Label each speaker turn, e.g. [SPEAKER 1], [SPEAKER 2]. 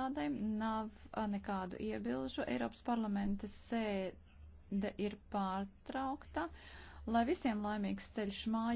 [SPEAKER 1] iestādēm nav nekādu iebilžu. Eiropas parlamenta sēde ir pārtraukta. Lai visiem laimīgs ceļš mājā.